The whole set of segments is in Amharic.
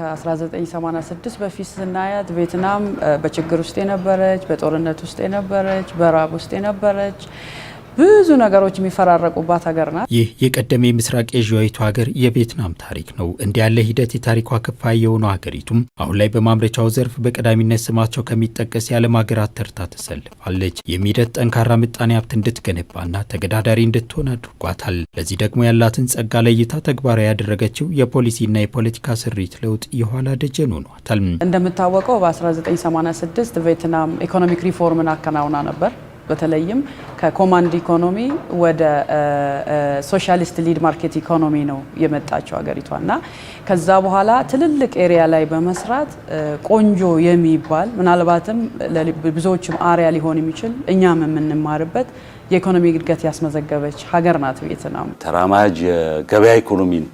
ከ1986 በፊት ስናያት ቬትናም በችግር ውስጥ የነበረች፣ በጦርነት ውስጥ የነበረች፣ በራብ ውስጥ የነበረች ብዙ ነገሮች የሚፈራረቁባት ሀገር ናት። ይህ የቀደመ የምስራቅ ኤዥያዊቱ ሀገር የቬትናም ታሪክ ነው። እንዲህ ያለ ሂደት የታሪኳ ክፋይ የሆነው ሀገሪቱም አሁን ላይ በማምረቻው ዘርፍ በቀዳሚነት ስማቸው ከሚጠቀስ የዓለም ሀገራት ተርታ ተሰልፋለች። ይህም ሂደት ጠንካራ ምጣኔ ሀብት እንድትገነባና ተገዳዳሪ እንድትሆን አድርጓታል። ለዚህ ደግሞ ያላትን ጸጋ ለይታ ተግባራዊ ያደረገችው የፖሊሲና የፖለቲካ ስሪት ለውጥ የኋላ ደጀን ሆኗታል። እንደምታወቀው በ1986 ቬትናም ኢኮኖሚክ ሪፎርምን አከናውና ነበር። በተለይም ከኮማንድ ኢኮኖሚ ወደ ሶሻሊስት ሊድ ማርኬት ኢኮኖሚ ነው የመጣቸው ሀገሪቷ እና ከዛ በኋላ ትልልቅ ኤሪያ ላይ በመስራት ቆንጆ የሚባል ምናልባትም ብዙዎችም አሪያ ሊሆን የሚችል እኛም የምንማርበት የኢኮኖሚ እድገት ያስመዘገበች ሀገር ናት ቬትናም። ተራማጅ የገበያ ኢኮኖሚን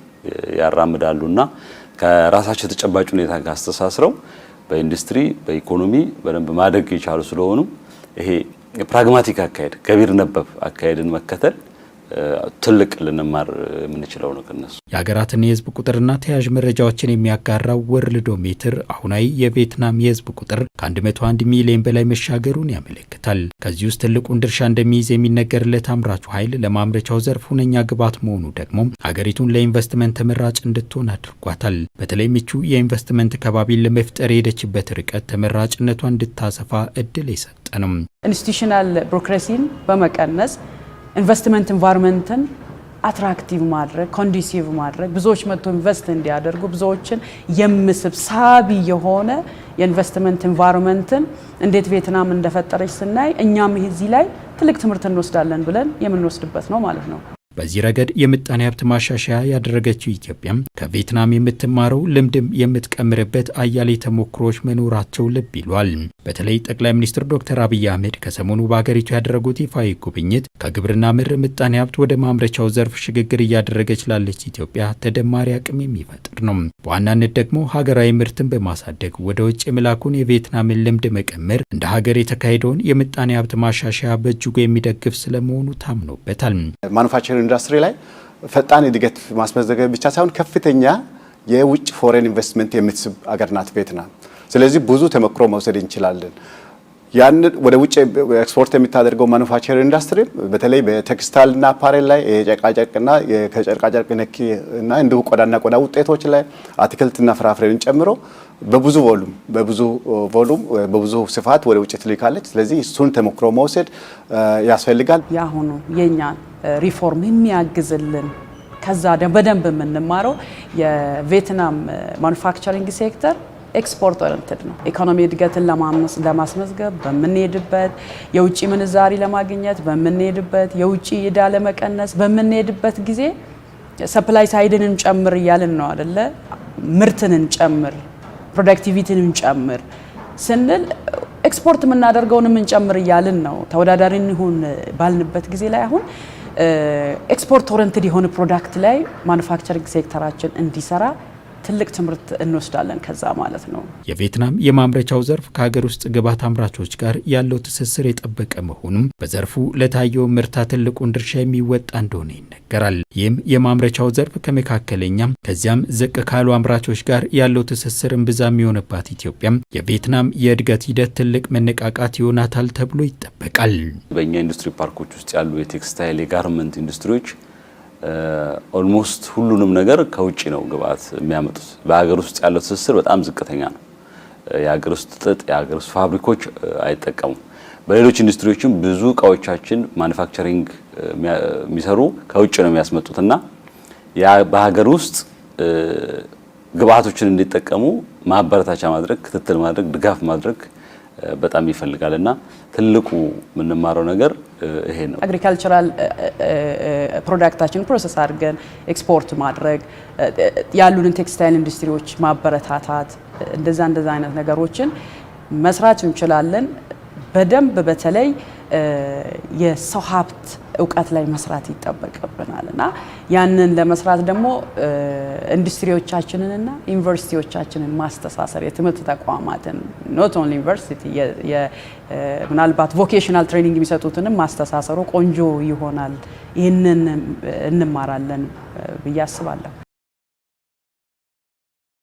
ያራምዳሉና ከራሳቸው ተጨባጭ ሁኔታ ጋር አስተሳስረው በኢንዱስትሪ በኢኮኖሚ በደንብ ማደግ የቻሉ ስለሆኑ ይሄ ፕራግማቲክ አካሄድ ገቢር ነበብ አካሄድን መከተል ትልቅ ልንማር የምንችለው ነው ከነሱ። የሀገራትን የህዝብ ቁጥርና ተያያዥ መረጃዎችን የሚያጋራው ወርልዶ ሜትር አሁናዊ የቬትናም የህዝብ ቁጥር ከ101 ሚሊዮን በላይ መሻገሩን ያመለክታል። ከዚህ ውስጥ ትልቁን ድርሻ እንደሚይዝ የሚነገርለት አምራቹ ኃይል ለማምረቻው ዘርፍ ሁነኛ ግብዓት መሆኑ ደግሞ ሀገሪቱን ለኢንቨስትመንት ተመራጭ እንድትሆን አድርጓታል። በተለይ ምቹ የኢንቨስትመንት ከባቢን ለመፍጠር የሄደችበት ርቀት ተመራጭነቷን እንድታሰፋ እድል የሰጠ ነው። ኢንስቲቱሽናል ቢሮክራሲን በመቀነስ ኢንቨስትመንት ኢንቫይሮንመንትን አትራክቲቭ ማድረግ ኮንዲሲቭ ማድረግ ብዙዎች መጥቶ ኢንቨስት እንዲያደርጉ ብዙዎችን የምስብ ሳቢ የሆነ የኢንቨስትመንት ኢንቫይሮንመንትን እንዴት ቬትናም እንደፈጠረች ስናይ እኛም እዚህ ላይ ትልቅ ትምህርት እንወስዳለን ብለን የምንወስድበት ነው ማለት ነው። በዚህ ረገድ የምጣኔ ሀብት ማሻሻያ ያደረገችው ኢትዮጵያም ከቪትናም የምትማረው ልምድም የምትቀምርበት አያሌ ተሞክሮች መኖራቸው ልብ ይሏል። በተለይ ጠቅላይ ሚኒስትር ዶክተር አብይ አህመድ ከሰሞኑ በሀገሪቱ ያደረጉት ይፋዊ ጉብኝት ከግብርና ምር ምጣኔ ሀብት ወደ ማምረቻው ዘርፍ ሽግግር እያደረገች ላለች ኢትዮጵያ ተደማሪ አቅም የሚፈጥር ነው። በዋናነት ደግሞ ሀገራዊ ምርትን በማሳደግ ወደ ውጭ የመላኩን የቬትናምን ልምድ መቀመር እንደ ሀገር የተካሄደውን የምጣኔ ሀብት ማሻሻያ በእጅጉ የሚደግፍ ስለመሆኑ ታምኖበታል። ኢንዱስትሪ ላይ ፈጣን እድገት ማስመዘገብ ብቻ ሳይሆን ከፍተኛ የውጭ ፎሬን ኢንቨስትመንት የምትስብ አገር ናት ቬትናም። ስለዚህ ብዙ ተመክሮ መውሰድ እንችላለን። ያን ወደ ውጭ ኤክስፖርት የሚታደርገው ማኑፋክቸር ኢንዱስትሪ በተለይ በቴክስታይልና አፓሬል ላይ የጨርቃጨርቅና ከጨርቃጨርቅ ነክ እና እንዲሁ ቆዳና ቆዳ ውጤቶች ላይ አትክልትና ፍራፍሬን ጨምሮ በብዙ ቮሉም በብዙ ቮሉም በብዙ ስፋት ወደ ውጭ ትልካለች። ስለዚህ እሱን ተሞክሮ መውሰድ ያስፈልጋል። የአሁኑ የኛ ሪፎርም የሚያግዝልን ከዛ በደንብ የምንማረው የቬትናም ማኑፋክቸሪንግ ሴክተር ኤክስፖርት ኦሪንትድ ነው። ኢኮኖሚ እድገትን ለማስመዝገብ በምንሄድበት የውጭ ምንዛሪ ለማግኘት በምንሄድበት የውጭ እዳ ለመቀነስ በምንሄድበት ጊዜ ሰፕላይ ሳይድንን ጨምር እያልን ነው አደለ? ምርትንን ጨምር ፕሮዳክቲቪቲንን ጨምር ስንል ኤክስፖርት የምናደርገውን ጨምር እያልን ነው። ተወዳዳሪ እንሁን ባልንበት ጊዜ ላይ አሁን ኤክስፖርት ኦሪንትድ የሆነ ፕሮዳክት ላይ ማኑፋክቸሪንግ ሴክተራችን እንዲሰራ ትልቅ ትምህርት እንወስዳለን ከዛ ማለት ነው። የቬትናም የማምረቻው ዘርፍ ከሀገር ውስጥ ግብዓት አምራቾች ጋር ያለው ትስስር የጠበቀ መሆኑም በዘርፉ ለታየው ምርታ ትልቁን ድርሻ የሚወጣ እንደሆነ ይነገራል። ይህም የማምረቻው ዘርፍ ከመካከለኛም ከዚያም ዝቅ ካሉ አምራቾች ጋር ያለው ትስስር እምብዛም የሚሆንባት ኢትዮጵያም የቬትናም የእድገት ሂደት ትልቅ መነቃቃት ይሆናታል ተብሎ ይጠበቃል። በእኛ ኢንዱስትሪ ፓርኮች ውስጥ ያሉ የቴክስታይል የጋርመንት ኢንዱስትሪዎች ኦልሞስት ሁሉንም ነገር ከውጭ ነው ግብአት የሚያመጡት። በሀገር ውስጥ ያለው ትስስር በጣም ዝቅተኛ ነው። የሀገር ውስጥ ጥጥ፣ የሀገር ውስጥ ፋብሪኮች አይጠቀሙም። በሌሎች ኢንዱስትሪዎችም ብዙ እቃዎቻችን ማኑፋክቸሪንግ የሚሰሩ ከውጭ ነው የሚያስመጡት እና በሀገር ውስጥ ግብአቶችን እንዲጠቀሙ ማበረታቻ ማድረግ፣ ክትትል ማድረግ፣ ድጋፍ ማድረግ በጣም ይፈልጋል እና ትልቁ የምንማረው ነገር ይሄ ነው። አግሪካልቸራል ፕሮዳክታችን ፕሮሰስ አድርገን ኤክስፖርት ማድረግ፣ ያሉንን ቴክስታይል ኢንዱስትሪዎች ማበረታታት፣ እንደዛ እንደዛ አይነት ነገሮችን መስራት እንችላለን። በደንብ በተለይ የሰው ሀብት እውቀት ላይ መስራት ይጠበቅብናል እና ያንን ለመስራት ደግሞ ኢንዱስትሪዎቻችንንና ዩኒቨርሲቲዎቻችንን ማስተሳሰር የትምህርት ተቋማትን ኖት ኦንሊ ዩኒቨርሲቲ ምናልባት ቮኬሽናል ትሬኒንግ የሚሰጡትንም ማስተሳሰሩ ቆንጆ ይሆናል። ይህንን እንማራለን ብዬ አስባለሁ።